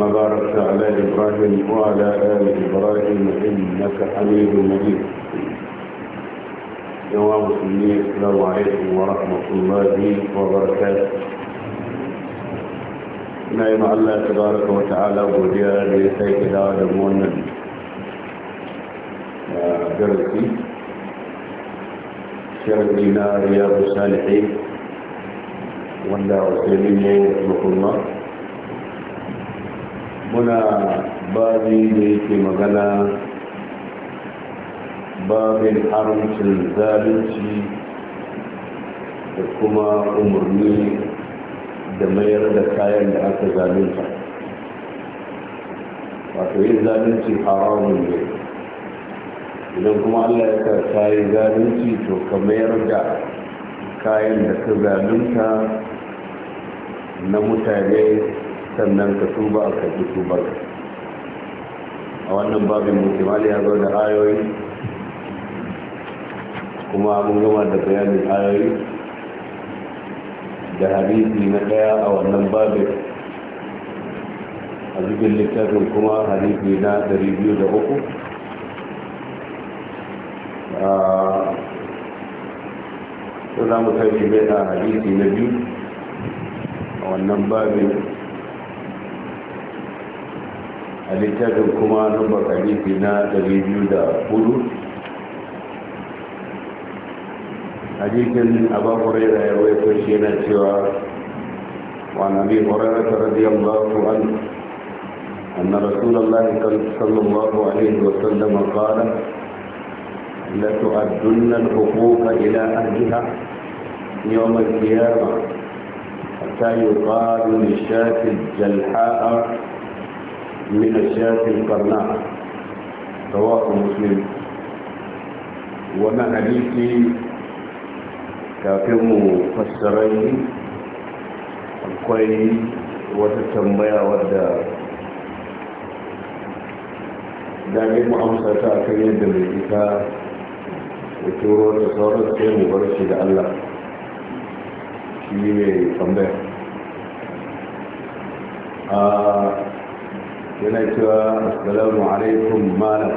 وبارك باركت على إبراهيم وعلى آل إبراهيم إنك حميد مجيد جواب سني السلام عليكم ورحمة الله وبركاته نعم الله تبارك وتعالى وجاء لسيك العالم والنبي آه، جرسي شرقنا رياض الصالحين والله سليم يطلق الله muna babi da yake magana babin haramcin zalunci da kuma umarni da mayar da kayan da aka zalunta wato yin zalunci haramun ne idan kuma allah ya karta yi zalunci to ka mayar da kayan da ka zalunta na mutane sannan ka tuba a karɓi tubar a wannan babin mutumali ya zo da ayoyi kuma abin gama da bayanin ayoyi da hadisi na ɗaya a wannan babin a cikin littafin kuma hadisi na 203 a za mu kai shi mai na hadisi na biyu a wannan babin a littafin kuma numbar hadisi na 204 hadisin abu huraira ya waito shi yana cewa وعن أبي هريرة رضي الله عنه أن رسول الله صلى الله عليه وسلم قال لتؤدن الحقوق إلى أهلها يوم القيامة حتى يقال للشاة الجلحاء shafin من الشاة القرناء رواه مسلم وانا mu كافم فسرين akwai wata tambaya wadda dami mu amsa ta a kan yadda mai ita da turo da sauran sai mu bar shi da allah shi ne tambaya yana cewa asalamu alaikum malam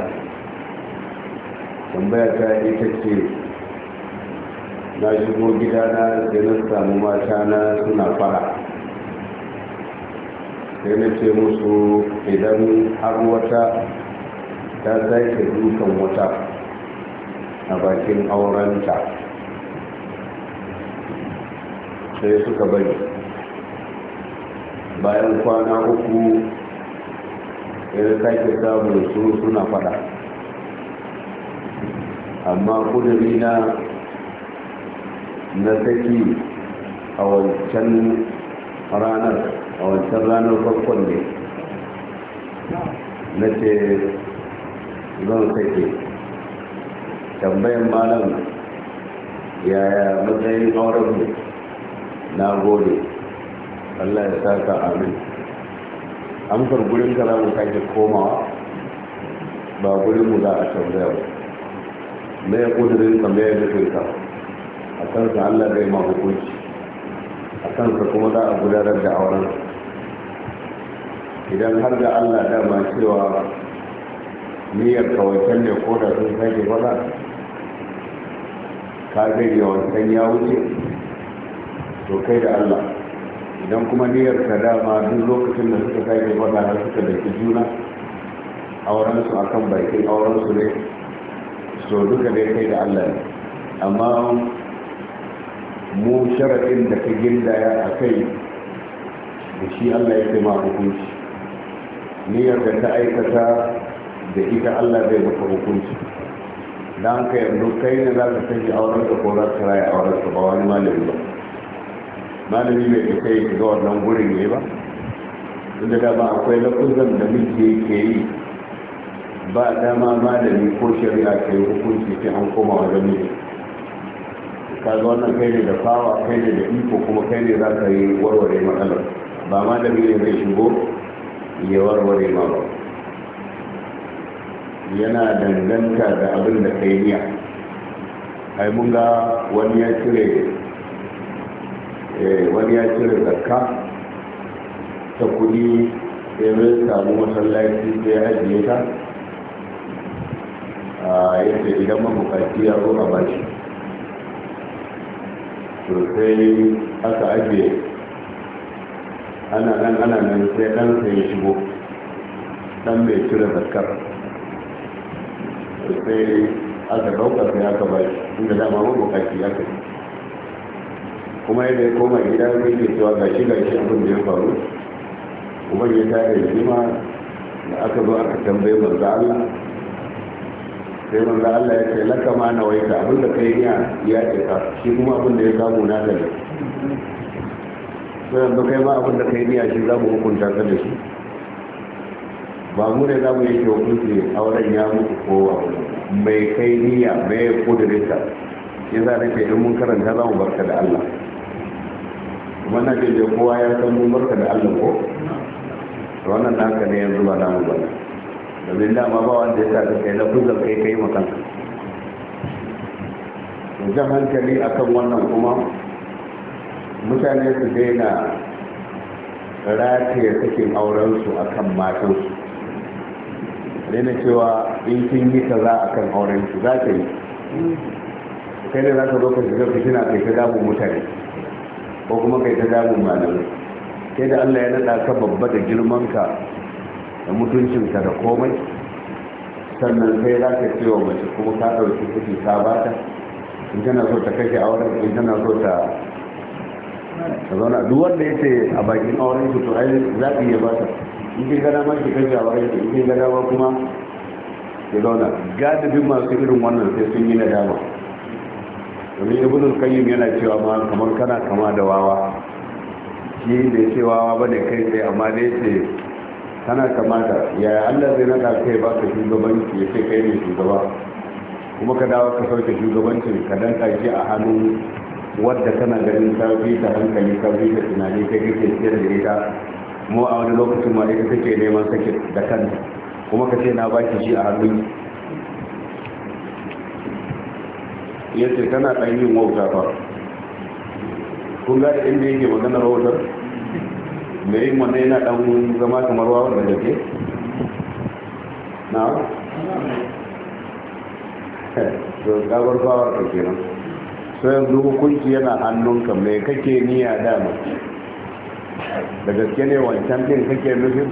tambaya ta ita ce na shigo gidana na na samu mata na suna fara sai na ce musu idan har wata ta zaike dukan wata a bakin aurenta sai suka bari bayan kwana uku ya kake samu da su suna fada amma kudiri na na saki a wancan ranar a wancan ranar farkon ne na ce zan sake tambayin malam yaya matsayin auren na gode Allah ya saka amin amsar gurin da za mu sake komawa ba gurin mu za a tambaya ba me ya kudurin ka me ya nufin ka a kansa allah zai ma hukunci a kansa kuma za a gudanar da auren idan har da allah dama cewa niyyar kawancen ne ko da sun sake faɗa ka gani wancan ya wuce to kai da allah idan kuma niyyar ka dama duk lokacin da suka kai faɗa har suka da ki juna auren su akan bakin auren su ne so duka dai kai da Allah ne amma mu sharaɗin da ka gindaya a kai da shi Allah ya kai ma hukunci niyyar da ta aikata da ita Allah zai maka hukunci dan ka yanzu kai ne za ka kashe auren ka ko za ka raya auren ka ba wani malami ba malami mai isa kai shiga wannan gurin ne ba inda dama akwai lafuzan da muke ke yi ba dama malami ko shari'a ke hukunci sai an koma wajen ne ka ga wannan kai ne da fawa kai ne da iko kuma kai ne za ka yi warware matsalar ba malami ne zai shigo ya warware ma ba yana danganta da abin da kai niya ai mun ga wani ya cire Eh, wani ya cire zakka ta kudi ya zai samu masallaci sai ya ajiye ta a yadda idan mabukaci ya zo a bashi sosai aka ajiye ana nan ana nan sai sai ya shigo dan mai cire zakkar sosai aka ɗaukar sai aka bashi inda dama mabukaci ya kai kuma yadda ya koma gida ne ke cewa ga shi ga shi abin da ya faru Kuma ya tare da jima da aka zo aka tambaye manzo Allah sai manzo Allah ya ce laka ma na waita abin da kai ya ya ce ka shi kuma abin da ya samu na da shi. sai da kai ma abin da kai niya shi za mu hukunta ka da shi ba mu ne za mu yi hukunci auren ya mutu kowa mai kai niya mai kudurinta ya za da ke in mun karanta za mu barka da Allah wannan ke da kowa ya san mun barka da Allah ko wannan ka ne yanzu ba mu ba domin dama ba wanda ya sa kai na kuzar kai kai makan jan hankali akan wannan kuma mutane su daina rataye cikin aurensu akan matansu daina cewa in kin yi kaza akan aurensu za ta yi kai ne za ka zo ka shiga fitina kai ta damu mutane ko kuma kai ta damun malamai sai da allah ya nada ka babba da girmanka da mutuncinka da komai sannan sai za ka ce wa mace kuma ka ɗauki kuɗi ka ba ta in tana so ta kashe auren in tana so ta ta zauna duk wanda ya ce a bakin auren su to ai za ka iya ba ta in kin gana ma ki kashe auren ki in kin gana ma kuma ya zauna gadabin masu irin wannan sai sun yi nadama domin ibn al-qayyim yana cewa ma kamar kana kama da wawa shi da yake wawa bane kai sai amma da yake kana kama da yaya Allah zai naka kai ba ka shugabanci ya ce kai ne shugaba kuma ka dawo ka sauke shugabancin ka danka shi a hannun wadda kana ganin bi ta hankali bi da tunani kai kake ciyar da ita mu a wani lokacin ma ita kake neman sakin da kanta kuma ka ce na baki shi a hannun ya ce kana ɗan yin wauta ba kun gada inda yake maganar wautar mai yin wannan yana ɗan zama kamar wawar da jake na to gabar bawar ka kenan sai yanzu hukunci yana hannunka mai kake niyya dama da gaske ne wancan din kake nufin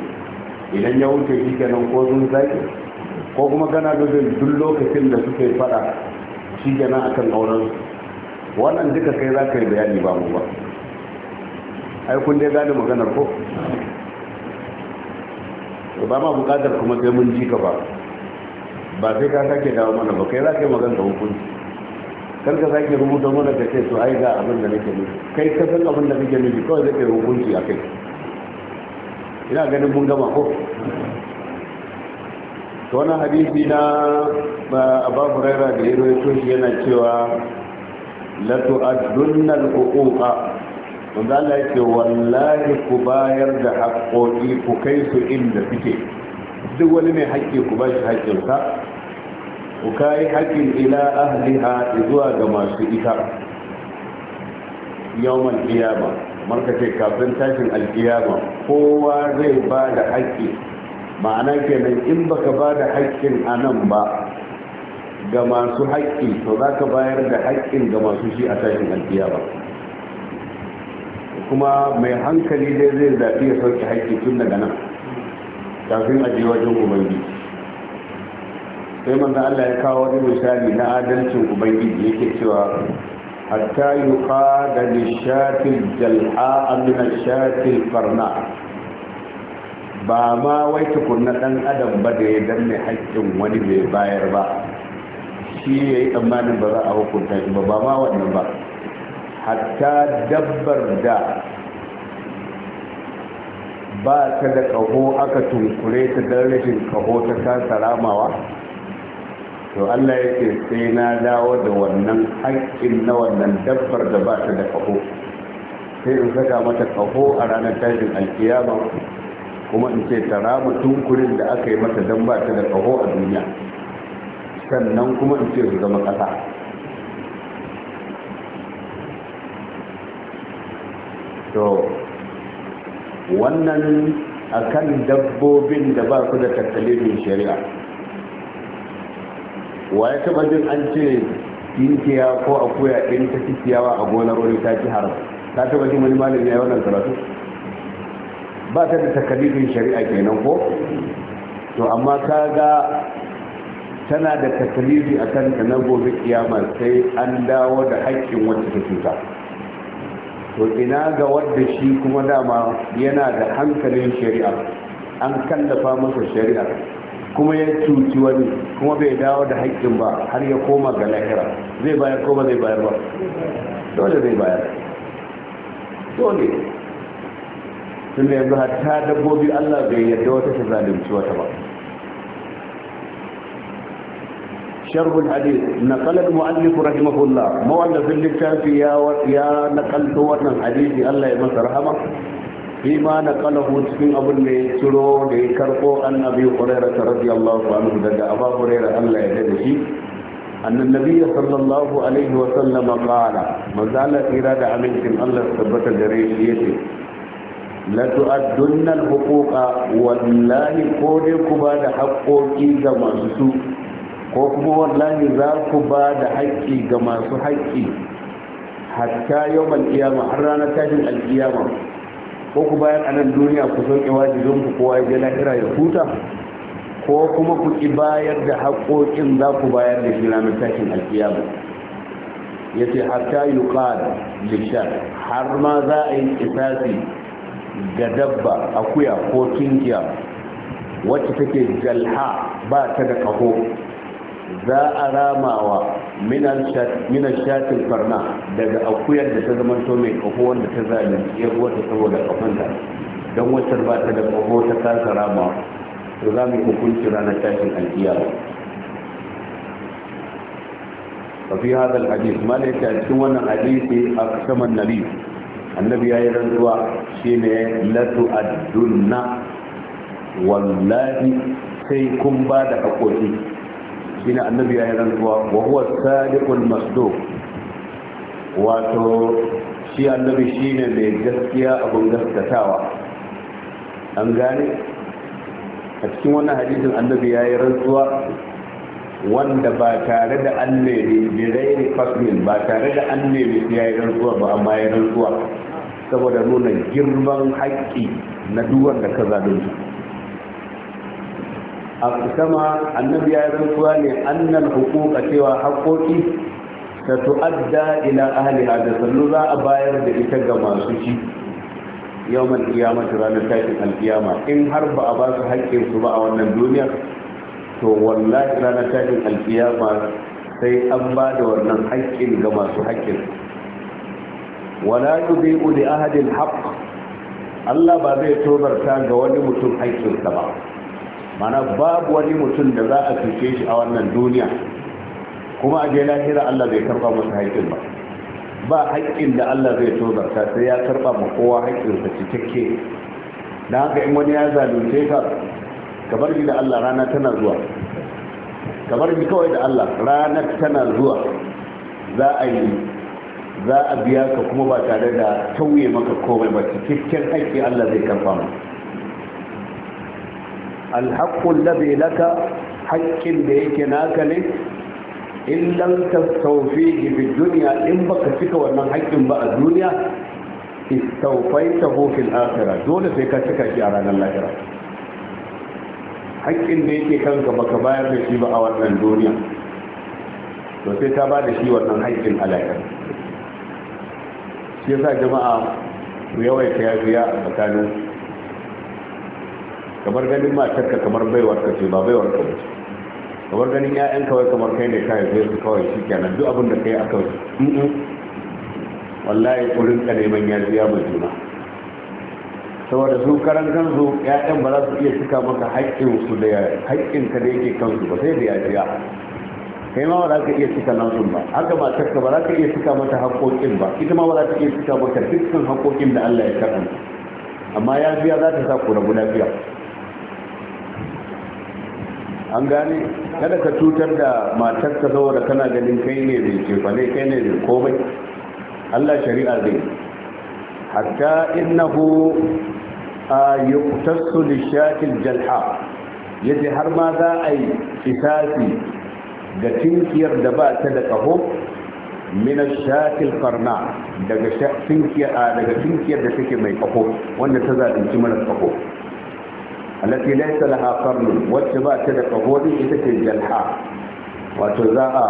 idan ya wuce shi kenan ko sun zaki ko kuma kana nufin duk lokacin da suke fada shi gana a kan auren wannan duka kai za ka yi bayani ba mu ba ai kun dai gane maganar ko ba ma bukatar kuma sai mun ji ka ba ba sai ka sake dawo mana ba kai za ka yi maganar hukun kan ka sake rubuta mana ka ce to ai ga abin da nake nufi kai ka san abin da nake nufi kawai zai kai hukunci a kai ina ganin mun gama ko wani hadisi na abu huraira da ya rawaito shi yana cewa la tu'addunna al-uquqa manzo yake wallahi ku bayar da haƙoƙi ku kai su inda suke duk wani mai haƙƙi ku ba shi haƙƙinsa ku kayi haƙƙin ila ahliha zuwa ga masu ita yawmal qiyama kamar kafin tashin alƙiyama kowa zai ba da haƙƙi ma'ana kenan in baka ba da haƙƙin a nan ba ga masu haƙƙi to za ka bayar da haƙƙin ga masu shi a tashin alfiya ba kuma mai hankali dai zai zafi ya sauke haƙƙi tun daga nan kafin a wajen ubangiji sai manzan allah ya kawo wani misali na adalcin ubangiji yake cewa hatta yuqa da nishatin jal'a min shafin farna ba ma wai tukunna dan adam ba da ya danne haƙƙin wani mai bayar ba shi ya yi tsammanin ba za a hukunta shi ba ba ma wannan ba hatta dabbar da ba ta da ƙaho aka tunkure ta don rashin ƙaho ta kasa ramawa to allah ya ce sai na dawo da wannan haƙƙin na wannan dabbar da ba ta da ƙaho sai in saka mata ƙaho a ranar tashin alkiyama kuma in ce ta rama tunkurin da aka yi mata don ba ta da kaho a duniya sannan kuma in ce su zama ƙasa to wannan akan dabbobin da ba su da tattalin shari'a wa ya taba jin an ce tinkiya ko akuya in ta ciyawa a gonar wani ta ci haram ta taba jin wani malami ya yi wannan karatu ba ta da takalifin shari'a kenan ko to amma ga tana da takalifi a kan ta na gobe kiyama sai an dawo da haƙƙin wacce ta cuta to ina ga wadda shi kuma dama yana da hankalin shari'a an kallafa masa shari'a kuma ya cuci wani kuma bai dawo da haƙƙin ba har ya koma ga lahira zai bayar ko ba zai bayar ba dole zai bayar dole tun da yanzu hata dabbobi Allah bai yarda wata ta zalimci wata ba sharh al-hadith naqala al-mu'allif rahimahullah mawallafin littafi ya ya wannan hadisi Allah ya masa rahama fi ma naqalahu cikin abun ne tsuro da ya karbo annabi Hurairah radiyallahu anhu daga Abu Hurairah Allah ya dade shi annan nabi sallallahu alaihi wa sallam qala mazala tsira da amincin Allah tabbata gare shi yace la tu'addunna al-huquqa wallahi ko dai ku ba da haƙƙoƙi ga masu su ko kuma wallahi za ku ba da haƙƙi ga masu haƙƙi hatta yau alƙiyama har ranar tashin alƙiyama ko ku bayan nan duniya ku sauke wajibin ku kowa ya lahira ya huta ko kuma ku ki bayar da haƙƙoƙin za ku bayar da shi ranar tashin alƙiyama ya ce hatta yuqal lishar har ma za a yi kisasi ga dabba akuya ko tunkiya wacce take jalha ba ta da kaho za a ramawa minan shatin farna daga akuyar da ta zamanto mai kaho wanda ta zalunci ya wata saboda kafanta don wacce ba ta da kaho ta kasa ramawa to za mu hukunci ranar tashin alkiyama وفي هذا الحديث ما ya cikin wannan hadisi a saman nabi annabi ya yi rantsuwa shi ne latu addunna wallahi sai kun ba da haƙoƙi shi ne annabi ya yi rantsuwa wa huwa sadiqul masduq wato shi annabi shi ne mai gaskiya abin gaskatawa an gane a cikin wannan hadisin annabi ya yi rantsuwa wanda ba tare da an nemi birai fasmin ba tare da an nemi ya yi rantsuwa ba amma ya yi rantsuwa saboda nuna girman haƙƙi na duwan da ka zalunci a sama annabi ya rantsuwa ne annan hukuka cewa haƙoƙi ta tu'adda ila ahliha da sallu za a bayar da ita ga masu shi kiyama ta ranar tashin alkiyama in har ba a ba su haƙƙinsu ba a wannan duniyar to wallahi ranar tashin alkiyama sai an ba da wannan haƙƙin ga masu haƙƙin wala yudhi'u li ahadi al-haqq Allah ba zai tobarta ga wani mutum haƙƙinsa ba mana babu wani mutum da za a cuce shi a wannan duniya kuma a je lahira Allah bai karba masa haƙƙin ba ba haƙƙin da Allah zai tozarta sai ya karba ma kowa haƙƙinsa cikakke da haka in wani ya zalunce ka Kamar bar da Allah rana tana zuwa Kamar ni kawai da Allah ranar tana zuwa za a yi za a biya ka kuma ba tare da tauye maka komai ba cikakken aiki Allah zai karfa mu alhaqqul ladhi laka haƙƙin da yake naka ne in lam tastawfihi bid dunya in baka cika wannan haƙƙin ba a duniya istawfaitahu fil akhirah dole sai ka cika shi a ranar lahira haƙƙin da yake kanka baka bayar da shi ba a wannan duniya to sai ta ba da shi wannan haƙƙin a lahira shi sa jama'a ku yawaita yafiya a tsakanin kamar ganin matarka kamar baiwar ka ce ba baiwar ka ce kamar ganin 'ya'yan kawai kamar kai ne kai zai su kawai shi kenan duk abin da kai aka yi wallahi kurin ka neman yafiya mai juna saboda su karan kansu 'ya'yan ba za su iya cika maka haƙƙinsu da haƙƙinka da yake kansu ba sai da ya yafiya kai ma ba za ka iya cika nasun ba haka ba takka ba za ka iya cika mata haƙoƙin ba ita ma ba za ta iya cika maka dukkan haƙoƙin da Allah ya kaɗa amma ya biya za ta sa ku rabu lafiya an gane kada ka cutar da matarka saboda kana ganin kai ne mai cefane kai ne mai komai Allah shari'a zai hatta innahu a yuktasu lishakil jalha yace har ma za a yi isasi. ga tinkiyar da ba ta da kaho min shatil qarna daga tinkiyar daga tinkiyar da take mai kaho wanda ta zalunci mara kaho allati laysa laha qarn wacce ba ta da kaho din ita ce jalha wato za a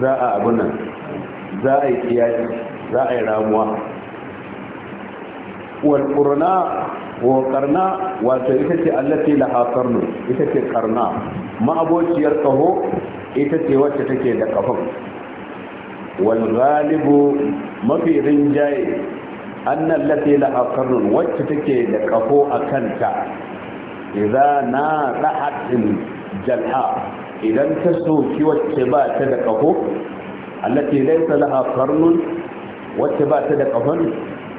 za a abunan za a yi kiyasi za a yi ramuwa wal qurna ko karna wato ita ce allati laha qarnu ita ce karna ma'abociyar kaho ita ce wacce take da kafan wal ghalibu mafi rinjaye annan lati laha qarnu wacce take da kafo a kanta idza na dahat jalha idan ta soki wacce ba ta da kafo allati laysa laha qarnu wacce ba ta da kafan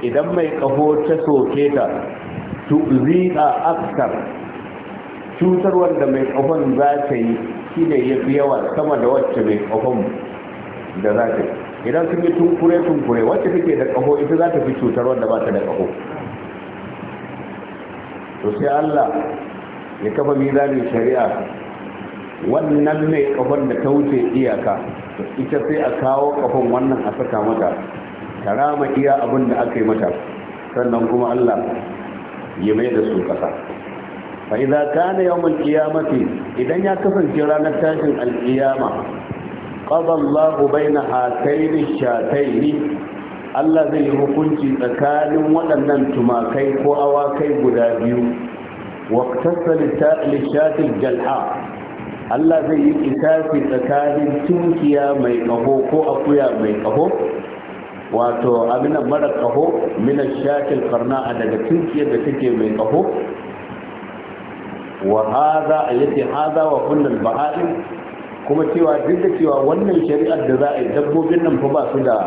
idan mai kafo ta soke ta zika askar cutar wanda mai kafan za ta yi shine yafi yawa sama da wacce mai kafan da za ta yi idan sun yi tunkure tunkure wacce take da kaho ita za ta fi cutar wanda ba ta da kaho to sai Allah ya kafa mizanin shari'a wannan mai ƙafon da ta wuce iyaka ita sai a kawo ƙafon wannan a saka mata ta rama iya abin da aka yi mata sannan kuma Allah Yi mai da su kasa fa idza kana yawmul qiyamati idan ya kasance ranar tashin alqiyama qada bai na hatayn shatayn Allah zai yi hukunci tsakanin waɗannan tumakai ko awakai guda biyu waqtasa lishatil jalha Allah zai yi kisafi tsakanin tunkiya mai ƙaho ko akuya mai ƙaho wato Amina mara kaho minan shakil karna a daga tunkiyar da take mai kaho wa haza yace haza wa kullal bahaim kuma cewa duk da cewa wannan shari'ar da za a yi dabbobin nan fa ba su da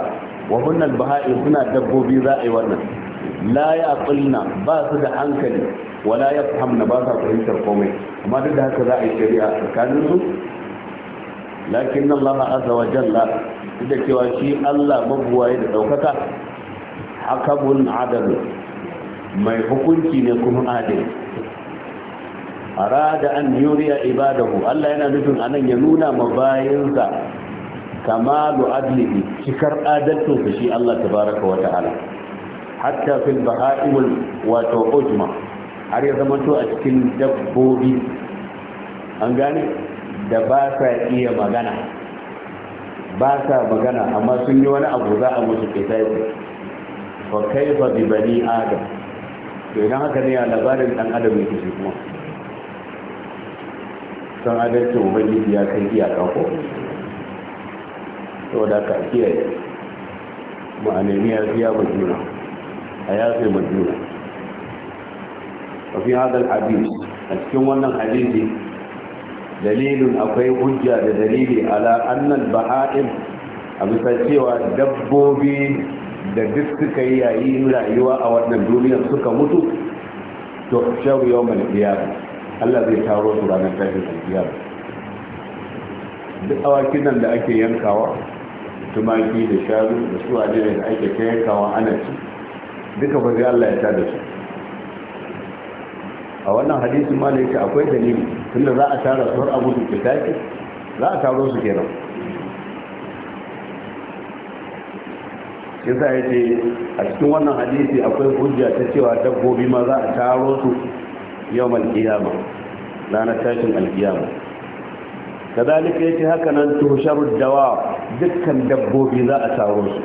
wa kullal bahaim suna dabbobi za a yi wannan la ya aqilna ba su da hankali wala ya fahamna ba sa fahimtar komai amma duk da haka za a yi shari'a tsakanin su lakin Allah azza wa jalla da cewa shi Allah mabuwaye da ɗaukaka, hakabun adalu mai hukunci ne kuma adali arada an yuriya ibadahu Allah yana nufin anan ya nuna mabayinsa kamalu adlihi cikar adalcinsa shi Allah tabaraka wa ta'ala hatta fil baha'imul wato ujma har ya zama to a cikin dabbobi an gane da ba sa iya magana ba sa magana amma sun yi wani abu za a musu kai fa bi bani adam to idan haka ne ya labarin dan adam ne kishi kuma san adalcin ubangiji ya kai iyaka ko to da ka kiyaye mu a nemi ya fiya ba juna a yafe ma juna wa fi hadal hadis a cikin wannan hadisi dalilin akwai hujja da dalili ala annal baha'im a bisa cewa dabbobi da duk suka yi yayin rayuwa a wannan duniyar suka mutu to shawu yau mai Allah zai taro su ranar tashin biyar duk awakin nan da ake yankawa tumaki da shanu da su ne da ake ta yankawa ana ci duka ba zai Allah ya ta da su a wannan hadisin ma da akwai dalili tunda za a tara tsohon abu da kitaki za a taro su kenan yasa ya ce a cikin wannan hadisi akwai hujja ta cewa dabbobi ma za a taro su yau malkiyama ranar tashin alkiyama kadalika ya ce haka nan tusharar dawa dukkan dabbobi za a taro su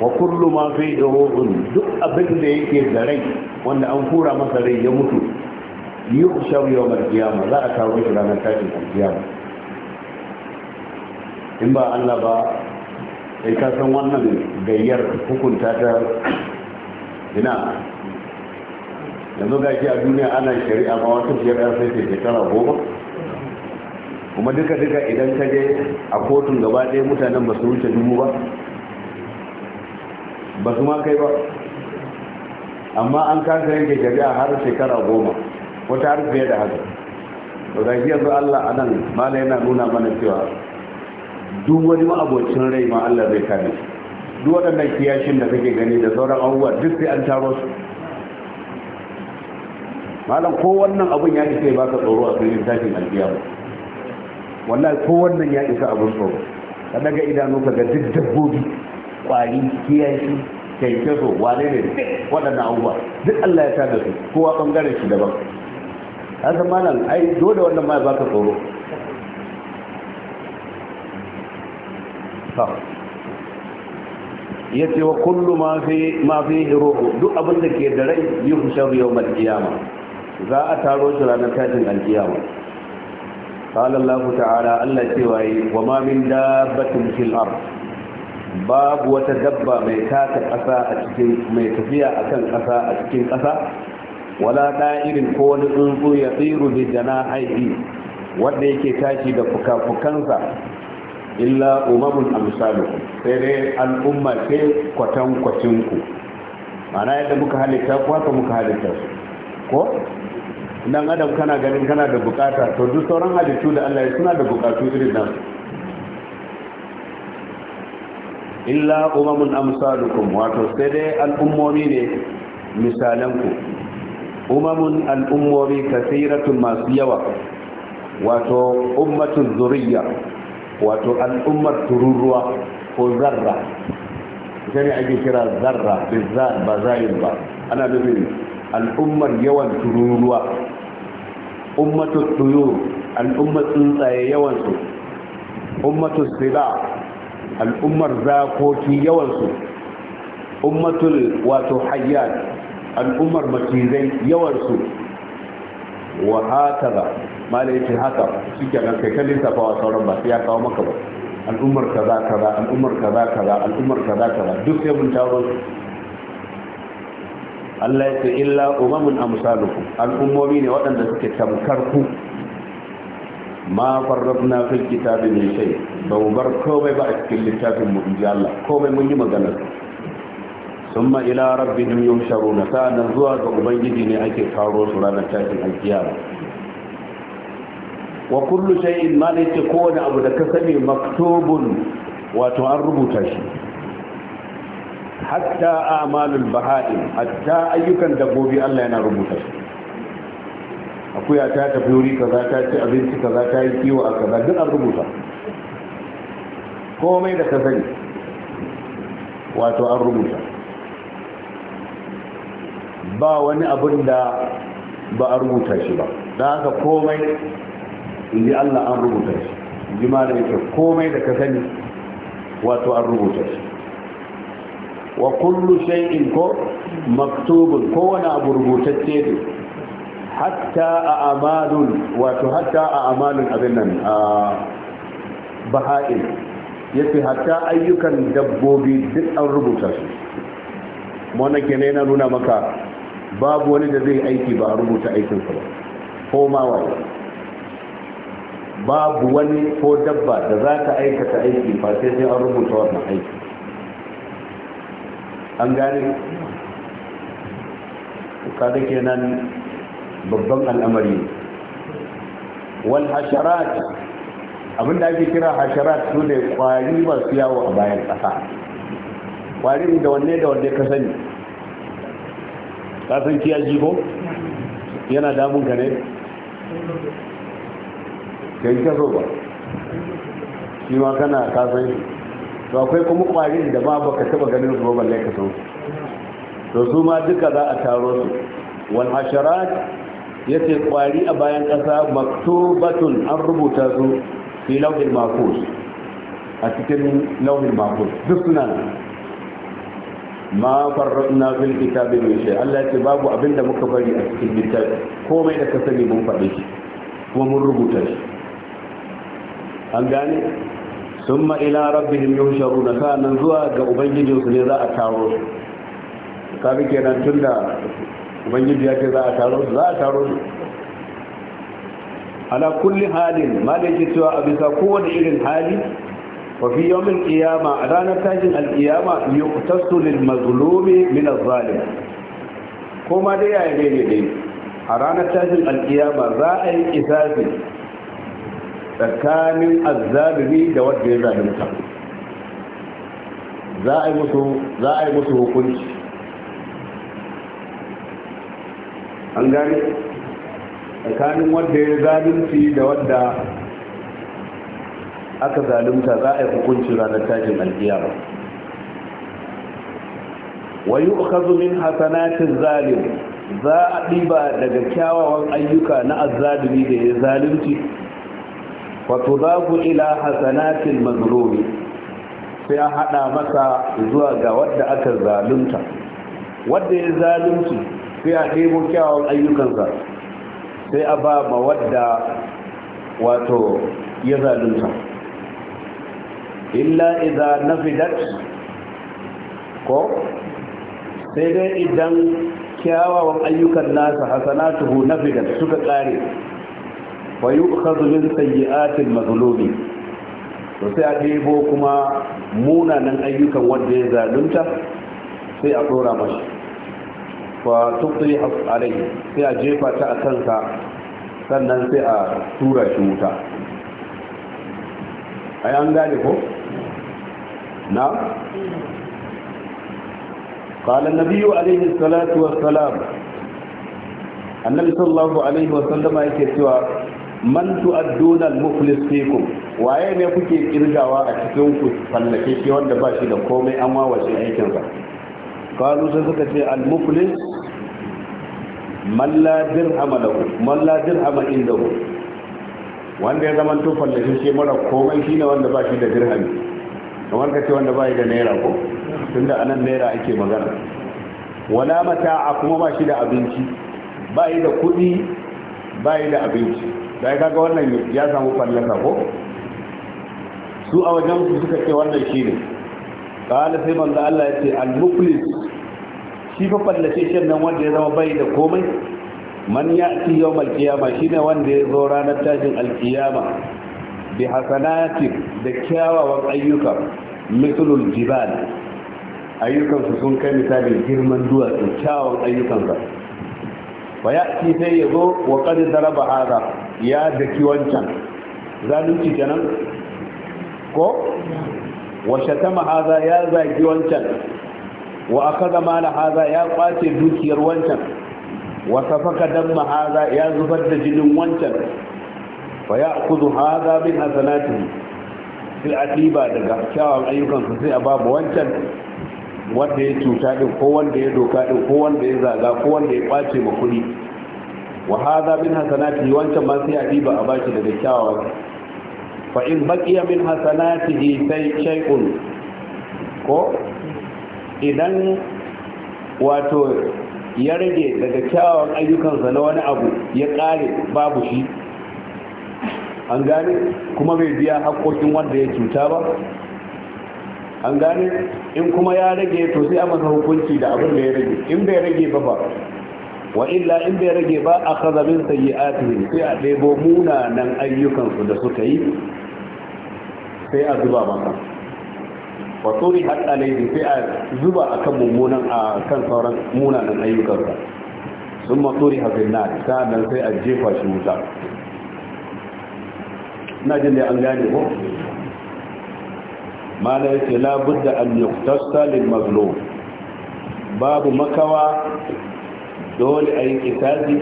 wa kullum ma fi duk abin da yake da rai wanda an kura masa rai ya mutu yuhsharu yawmal qiyama za a kawo shi ranar tashin alkiyama in ba Allah ba sai ka san wannan gayyar hukunta ta ina yanzu ga shi a duniya ana shari'a ma wata shari'a sai ke shekara goma kuma duka duka idan ka je a kotun gaba ɗaya mutanen ba su wuce dubu ba ba su ma kai ba amma an kasa yanke shari'a har shekara goma wata har fiye da haka to da yanzu Allah a nan na yana nuna mana cewa duk wani ma'abocin rai ma Allah zai kare shi duk waɗannan kiyashin da kake gani da sauran abubuwa duk sai an taro su malam ko wannan abun ya isa ba ka tsoro a filin tashin ba wallahi ko wannan ya isa abun tsoro ka daga idanu ka ga duk dabbobi kwari kiyashi kyankyaso wane ne duk waɗannan abubuwa duk Allah ya tada su kowa ɓangaren shi daban ƙasar malam ai dole wannan ma ba ka tsoro ya ce wa kullum mafi hiroho duk abinda ke da rai yi fushar yau maljiyama za a taro shi ranar tashin aljiyama ƙalallahu ta'ala allah cewa yi wa mamin dabbatin shil'ar babu wata dabba mai tata ƙasa a cikin mai tafiya a kan ƙasa a cikin ƙasa wala da'irin ko wani tsuntsu ya tsiru bi janahihi wanda yake tashi da fuka-fukansa illa umamun amsalu sai dai al'umma ce kwatan kwacin ku mana yadda muka halitta ku haka muka halitta su ko dan adam kana ganin kana da bukata to duk sauran halittu da Allah ya suna da bukatu irin nan illa umamun amsalukum wato sai dai al'ummomi ne misalan ku umamun al'ummomi kasiratun masu yawa wato ummatun zuriya wato al'ummar tururuwa ko zarra ita ne ake kira zarra bizzar ba zayin ba ana nufin al'ummar yawan tururuwa ummatun tuyur al'ummar tsuntsaye yawansu ummatun sila al'ummar zakoki yawansu ummatul wato hayyar al'ummar macizai yawansu wa haka ba da yake haka suke nan kai kan sauran ba sai ya kawo maka ba al'ummar ka kaza al'ummar ka kaza al'ummar ka za duk sai mun taro Allah ya ce illa umamun amsalukum al'ummomi ne waɗanda suke tamkar ku ma farrafna fil kitabin ne shai ba mu bar komai ba a cikin littafin mu ji Allah komai mun yi magana sun ma'ila rabbi ne yau sharo na sa'adar zuwa ga ubangiji ne ake karo su ranar tashin alkiyar wa kullu sai in ne ce kowane abu da ka sani maktubun wato an rubuta shi hatta amalul baha'in hatta ayyukan dabbobi allah yana rubuta shi akuya ta tafi wuri kaza ta ci abinci kaza ta yi kiwo a kaza duk an rubuta komai da ka sani wato an rubuta ba wani abin da ba a rubuta shi ba da haka komai in ji allah an rubuta shi in ji malam yake komai da ka sani wato an rubuta shi wa kullu shay'in ko maktubun kowane abu rubutacce ne hatta a amalun wato hatta a amalun abin nan a baha'in yace hatta ayyukan dabbobi duk an rubuta su wannan kenan yana nuna maka babu wani da zai aiki ba a rubuta aikinsa ba ko ma waye babu wani ko dabba da za ta aikata aiki ba sai sai an rubuta wannan aiki an gane kada kenan babban al'amari wal hasharat da ake kira hasharat su ne kwari masu yawo a bayan ƙasa kwari da wanne da wanne ka sani ka san kiyaji ko yana damun ka ne kai ka so ba shi ma kana ka san to akwai kuma kwarin da ba baka taba ganin su ba balle ka san to su ma duka za a taro su wal ya ce kwari a bayan kasa maktubatun an rubuta su fi launin makus a cikin launin makus duk suna nan ma farradna fil kitabi min shay Allah ya ce babu abinda muka bari a cikin littafi komai da ka sani mun fadi shi kuma mun rubuta shi an gane summa ila rabbihim yuhsharuna sanan zuwa ga Ubangiji su ne za a taro su kaga kenan tunda ubangiji ya ce za a taro su za a taro su ala kulli halin ma da yake cewa a bisa kowane irin hali wafi yawon kiyama a ranar tashin al'iyama yi kutastu lil mazlumi min zalim ko ma dai yaya dai a ranar tashin al'iyama za a yi kisafi tsakanin azzalimi da wadda ya zalimta za a yi musu hukunci an gani tsakanin wadda ya zalimci da wadda aka zalunta za a yi hukunci ranar tashin alkiyama Wayu yi hasanatin zalim za a ɗiba daga kyawawan ayyuka na azalimi da ya zalunci wato za ku ila hasanatin mazlumi sai a haɗa masa zuwa ga wadda aka zalunta wadda ya zalunci sai a ɗebo kyawawan ayyukansa sai a ba ma wadda wato ya zalunta illa idan nafidat ko sai dai idan kyawawan ayyukan nasa hasanatuhu nafidat suka kare wa yu'khadhu min sayyi'atil mazlumi to sai a debo kuma munanan ayyukan wanda ya zalunta sai a dora mashi fa tuqti alayhi sai a jefa ta a kansa sannan sai a tura shi wuta ai an gane ko نعم قال النبي عليه الصلاة والسلام النبي صلى الله عليه وسلم يكتوى man tu'adduna al-muflis fikum waye ne kuke kirgawa a cikin ku shi wanda ba shi da komai an wawace aikin sa qalu sai ce al-muflis man la dirham lahu man la dirham wanda ya zama to shi mara komai shine wanda ba shi da dirhami kamar ka ce wanda bai da naira ko tunda anan naira ake magana wala mata a kuma ba shi da abinci Ba yi da kuɗi yi da abinci sai kaga wannan ya samu fallasa ko su a wajen su suka ce wannan shi ne ƙala sai manzo Allah ya ce al-muflis shi fa fallace shi nan wanda ya zama bai da komai man ci yawm al-qiyama shine wanda ya zo ranar tashin al-qiyama bi hasanatin da kyawawan ayyuka mithlul jibal ayyukansu sun kai misalin girman duwatsu kyawun ayyukansa wa ya ci sai ya zo wa kadi daraba hada ya daki wancan zalunci kenan ko wa shatama hada ya zagi wancan wa akada mala hada ya kwace dukiyar wancan wa safaka damma hada ya zubar da jinin wancan fa ya'khudhu hada min hasanatihi sai a ɗiba daga kyawun ayyukansa, sai a babu wancan wanda ya cuta din ko wanda ya doka din ko wanda ya zaga ko wanda ya kwace ma kuɗi wa hadha min hasanati wancan ma sai a ɗiba a bashi daga kyawun fa in baqiya min hasanatihi sai shay'un ko idan wato ya rage daga kyawun ayyukansa na wani abu ya ƙare babu shi an gane kuma bai biya haƙoƙin wanda ya cuta ba an gane in kuma ya rage to sai a masa hukunci da abin da ya rage in bai rage ba ba wa illa in bai rage ba a kaza bin sai a ɗebo munanan ayyukansu da suka yi sai a zuba masa wa tsori hatta laifi sai a zuba a kan mummunan a kan sauran munanan ayyukansa sun matsori hafin na nan sai a jefa shi wuta na jin da an gane ko mala yake labudda an yuktasta lil babu makawa dole a yi kitabi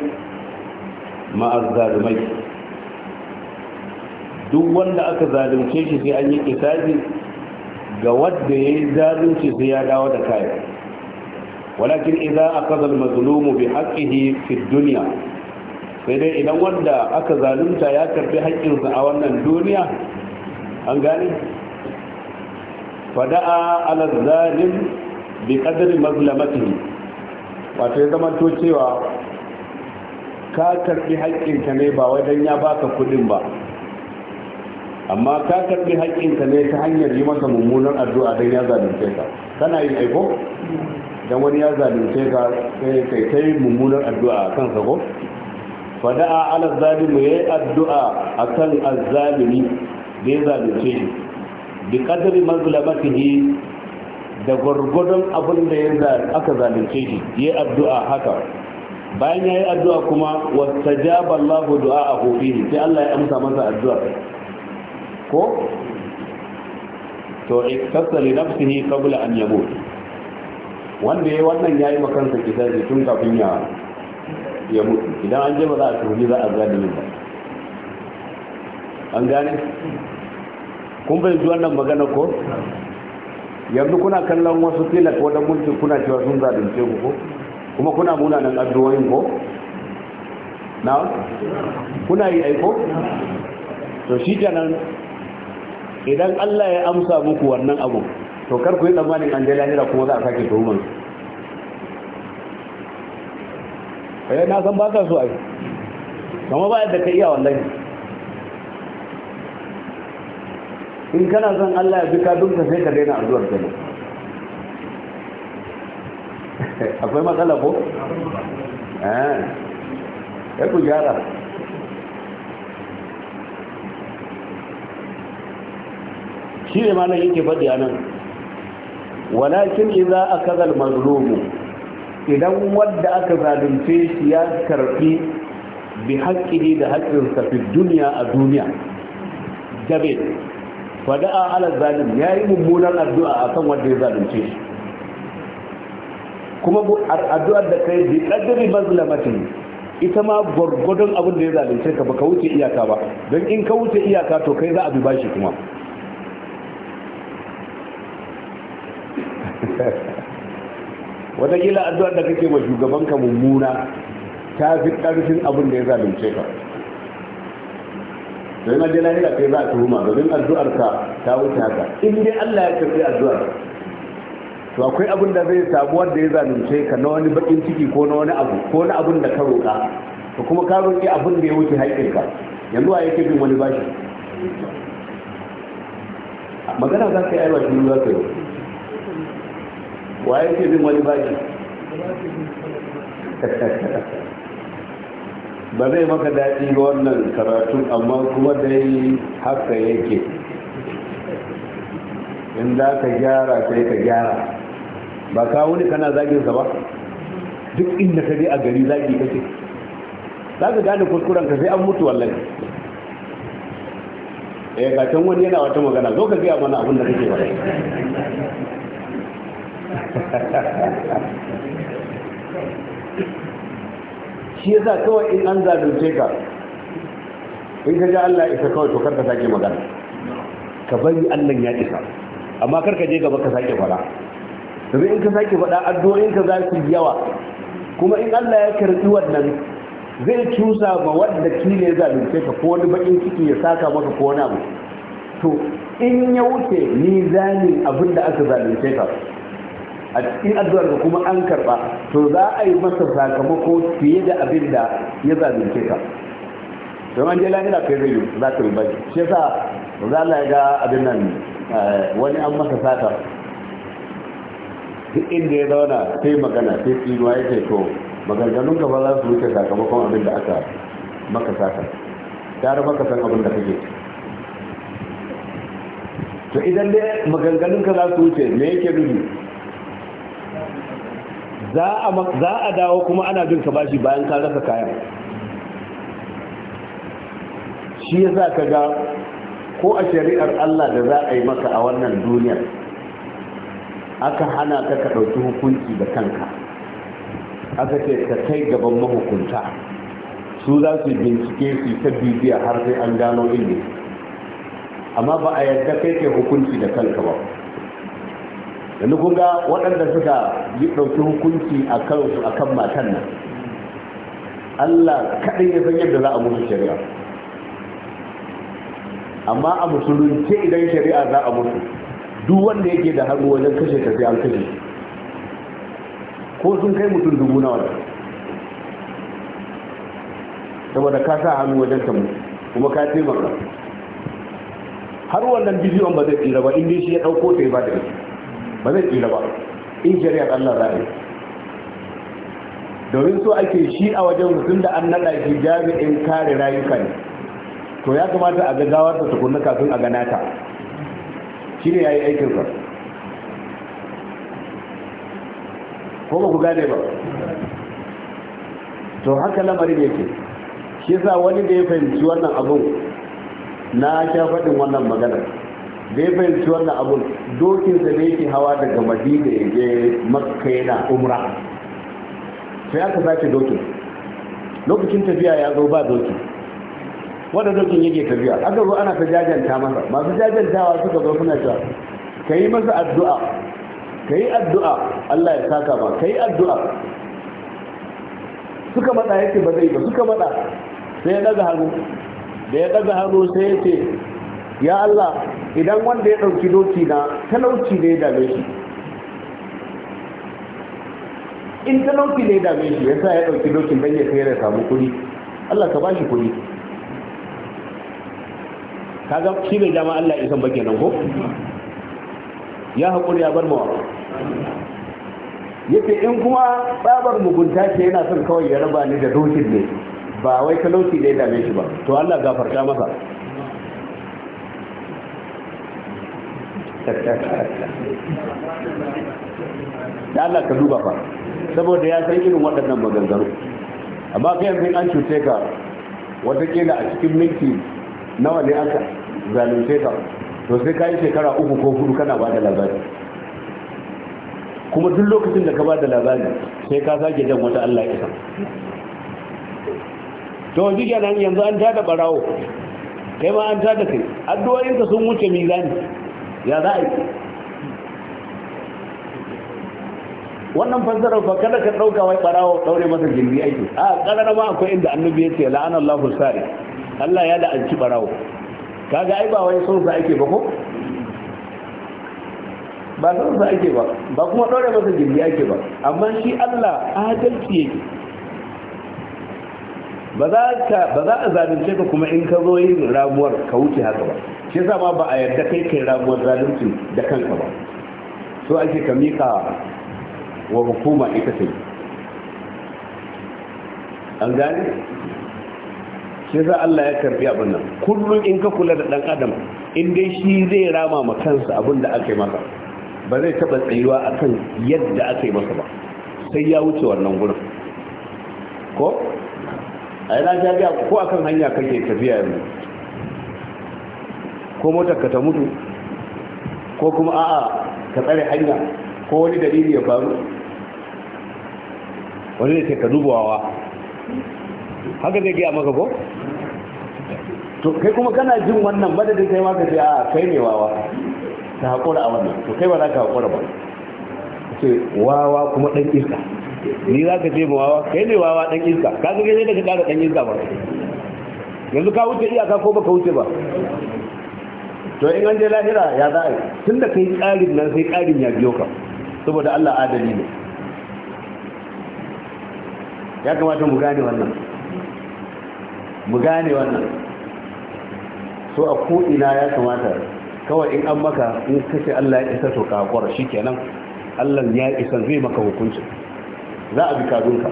ma'ar zalimai duk wanda aka zalunce shi sai an yi kitabi ga wadda ya yi zalunci sai ya dawo da kayan walakin idan aka zalma zulumu bi haƙƙihi fi duniya sai dai idan wanda aka zalunta ya karbi haƙƙinsa a wannan duniya an gane fada'a alar zalim bi qadri mazlamatihi wato ya zama to cewa ka karfi haƙƙinka ne ba wajen ya baka kuɗin ba amma ka karbi haƙƙinka ne ta hanyar yi masa mummunan addu'a don ya zalunce ka kana yin aiko don wani ya zalunce ka sai kai kai mummunan addu'a a kansa ko fada'a ala zalimu yayi addu'a akan azzalimi da ya zalunce shi bi qadri da gwargwadon abin da ya aka zalunce shi yi addu'a haka bayan yayi addu'a kuma wastajaba Allahu du'a'ahu fihi sai Allah ya amsa masa addu'a ko to ikhtasa li nafsihi kabula an yamut wanda yi wannan yayi makansa kisaji tun kafin ya ya mutu idan an je ba za a tuhumi za a da ba an gane kun bai zuwan nan magana ko yanzu kuna kallon wasu filar ko dan mulki kuna cewa sun zalunce ku ko kuma kuna munanan addu'o'in ko na kuna yi aiko to shi kenan idan Allah ya amsa muku wannan abu to kar ku yi tsammanin an je lahira kuma za a sake tuhumansu kai na san baka so ai kuma ba yadda ka iya wallahi in kana son Allah ya bi ka dunka sai ka daina azuwar ka ne akwai matsala ko eh kai ku gyara shi ne nan yake faɗi a nan walakin idza akaza al-mazlumu idan wanda aka zalunce shi ya karfi bi haƙƙihi da sa fi duniya a duniya jabe a ala zalim ya yi mummunar addu'a a kan wanda ya zalunce shi kuma addu'ar da kai bi ƙadiri mazlamatin ita ma gwargwadon abin da ya zalunce ka ba ka wuce iyaka ba don in ka wuce iyaka to kai za a bi bashi kuma Watakila kila addu'ar da kake ma ka mummuna ta fi karfin abin da ya zalunce ka don na jina hira kai za a tuhuma domin addu'ar ka ta wuce haka in dai Allah ya karbi addu'ar to akwai abin da zai samu wanda ya zalunce ka na wani bakin ciki ko na wani abu ko na abin da ka roƙa To kuma ka roƙi abin da ya wuce haƙƙin ka yanzu a yake bin wani bashi magana za ka yi aiwa shi za ka yi waye ke bin wani baki ba zai maka daɗi ga wannan karatu amma kuma dai haka yake in ka gyara sai ka gyara ba ka wuni kana zaginsa ba duk inda ka je a gari zagi kake za ka gane kuskuren ka sai an mutu wallahi eh ga can wani yana wata magana zo ka gaya mana abin da kake ba shi ya sa kawai in an zalunce ka in ka ji Allah isa kawai to karka sake magana ka bari Allah ya isa amma karka je gaba ka sake faɗa domin in ka sake faɗa addu'o'in ka za su yawa kuma in Allah ya karbi wannan zai cusa ma wanda kine ya zalunce ka ko wani bakin ciki ya saka maka ko wani abu to in ya wuce ni zani abin da aka zalunce ka a cikin addu'ar da kuma an karba to za a yi masa sakamako fiye da abin da ya zalunce ka don an je lahira kai zai yi za ka riba shi yasa za a ga abin nan eh, wani an masa sata duk inda ya zauna sai magana sai tsinuwa ya ce to maganganun ba za su wuce sakamakon abin da aka maka sata gara maka san abin da kake to idan dai maganganun ka za su wuce me yake nufi za a dawo kuma ana bin ka bashi bayan ka rasa kayan shi ya za ka ga ko a shari'ar Allah da za a yi maka a wannan duniyar aka hana ka ka ɗauki hukunci da kanka aka ce ka kai gaban mahukunta su za su bincike su ta bibiya har sai an gano ilmi amma ba a yadda kai ke hukunci da kanka ba yanzu kun ga waɗanda suka yi ɗauki hukunci a kansu a kan matan nan allah kaɗai ya san yadda za a mutu shari'a amma a musulunce idan shari'a za a mutu duk wanda yake da hannu wajen kashe ta sai an kashe ko sun kai mutum dubu na wata saboda ka sa hannu wajen ta mutu kuma ka taimaka har wannan bidiyon ba zai tsira ba inda shi ya ɗauko ta yi ba da ita ba zai tsira ba in shari'ar Allah za a yi domin so ake shi a wajen mutum da an naɗa shi jami'in kare rayuka ne to ya kamata a gaggawar ta tukunna kafin a ta, shi ne ya yi aikinsa ko ba ku gane ba to haka lamarin yake shi sa wani da ya fahimci wannan abun na shafaɗin faɗin wannan maganar da fahimci wannan abun dokinsa da yake hawa daga madina ya je makka yana umra sai aka sake dokin lokacin tafiya ya zo ba dokin wanda dokin yake tafiya aka zo ana ta jajanta masa masu jajantawa suka zo suna cewa ka yi masa addu'a ka yi addu'a allah ya saka ba ka yi addu'a suka matsa yake ba zai ba suka matsa sai ya daga hannu da ya daga hannu sai ya ce ya allah idan wanda ya ɗauki doki na talauci ne dame shi in talauci ne dame shi yasa ya ɗauki dokin don ya kai da samu kuɗi Allah ka bashi kuɗi ga shi ne dama Allah isan ba nan ko ya haƙuri ya bar mawa yake in kuma tsabar mugunta ce yana son kawai ya raba ni da dokin ne ba wai talauci ne dame shi ba to Allah gafarta masa da Allah ka duba fa saboda ya san irin waɗannan maganganu amma kai yanzu an cuce ka watakila a cikin minti nawa ne aka zalunce ka to sai ka yi shekara uku ko hudu kana ba da labari kuma duk lokacin da ka ba da labari sai ka sake jan wata Allah isa to jiya yana yanzu an tada barawo kai ma an tada kai addu'o'inka sun wuce mizani ya za a yi wannan fassara ba kada ka dauka wai barawo daure masa gindi aiki a karara ma akwai inda annabi ya ce la'ana Allahu sari Allah ya la'anci barawo kaga ai ba wai son sa ake ba ko ba son sa ake ba ba kuma daure masa gindi ake ba amma shi Allah adalci yake ba za ka ba za a zalunce ka kuma in ka zo yin ramuwar ka wuce haka ba shi yasa ma ba a yarda kai kai ramuwar zalunci da kanka ba so ake ka miƙa wa hukuma ita ce an gane shi za Allah ya karbi abin nan kullum in ka kula da dan adam in dai shi zai rama ma kansa abin da aka yi masa ba zai taba tsayuwa akan yadda aka yi masa ba sai ya wuce wannan gurin ko a yana jabiya ko akan hanya kake tafiya yanzu ko motar ka ta mutu ko kuma a'a ka tsare hanya ko wani dalili ya faru wani ne ce ka dubawa haka zai gaya maka ko to kai kuma kana jin wannan madadin kai maka ce a kai ne wawa ta haƙura a wannan to kai ba za ka haƙura ba ce wawa kuma ɗan iska ni za ka ce wawa kai ne wawa ɗan iska ka ga ne da ka ƙara ɗan iska ba yanzu ka wuce iyaka ko ba ka wuce ba to in an je lahira ya za a yi tun da kai ƙarin nan sai ƙarin ya biyo ka saboda Allah adali ne ya kamata mu gane wannan mu gane wannan so a ko'ina ya kamata kawai in an maka in kace Allah ya isa to kakwar shi kenan Allah ya isa zai maka hukunci za a bi kadunka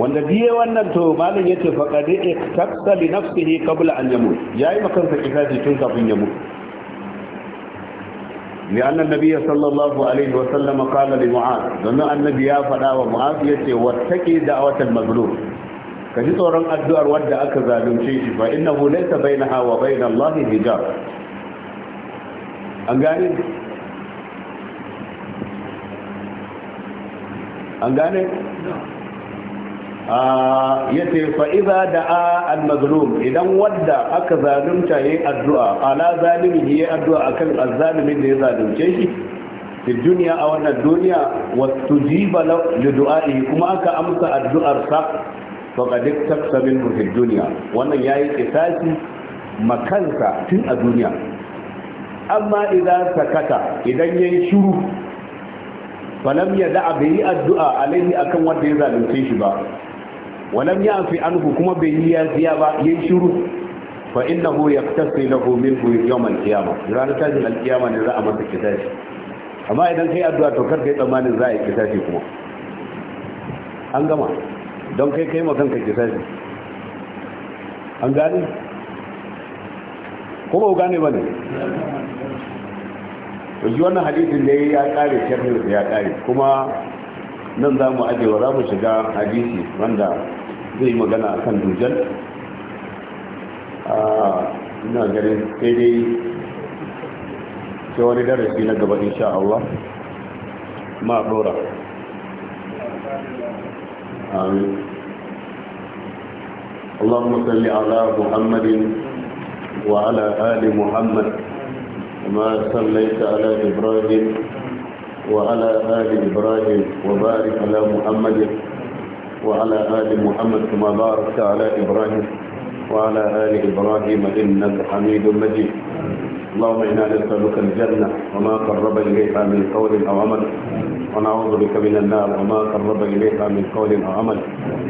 wanda biye wannan to malin yace faqad iktaqsa li nafsihi qabla an yamut yayi makansa kisasi tun kafin ya mutu لأن النبي صلى الله عليه وسلم قال لمعاذ أن النبي يا ومعاذ يتي واتكي دعوة المظلوم كجي تورن الدعاء ود أكا ظالمشي فإنه ليس بينها وبين الله حجاب an gane an gane ya ce fa'iza da a al-mazlum idan wadda aka zalunta ya addu'a ala zalimi ya addu'a a kan azzalimin da ya zalunce shi fi duniya a wannan duniya wasu jiba da du'a'i kuma aka amsa addu'arsa faƙadik taksamin fi duniya wannan ya yi ƙisasi makansa tun a duniya amma idan sakata idan ya yi shuru falam ya da'a bai yi addu'a alaihi akan wanda ya zalunce shi ba walam ya fi anhu kuma bai yi yafiya ba yayi shiru fa innahu yaktasi lahu minhu yawm al-qiyamah ranar tashin al ne za a masa kitabi amma idan kai addu'a to kar kai tsammanin za a yi kitabi kuma an gama don kai kai makanka an gane wannan hadisin ne ya kare sharhi ya kare kuma nan za mu ajewa za mu shiga hadisi wanda zai magana a kan dujal ah, ina ganin sai dai wani darasi na gaba insha Allah ma dora amin اللهم صل على محمد وعلى آل محمد كما صليت على إبراهيم وعلى آل إبراهيم وبارك على محمد وعلى آل محمد كما باركت على إبراهيم وعلى آل إبراهيم إنك حميد مجيد اللهم إنا نسألك الجنة وما قرب إليها من قول أو عمل ونعوذ بك من النار وما قرب إليها من قول أو عمل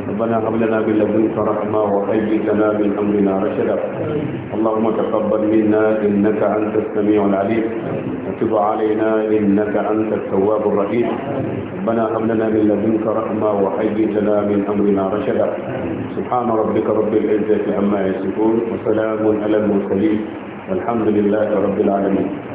ربنا هب لنا من لدنك رحمة وهيئ لنا من أمرنا رشدا اللهم تقبل منا إنك أنت السميع العليم وتب علينا إنك أنت التواب الرحيم ربنا هب لنا من لدنك رحمة وهيئ لنا من أمرنا رشدا سبحان ربك رب العزة عما يصفون وسلام على المرسلين والحمد لله رب العالمين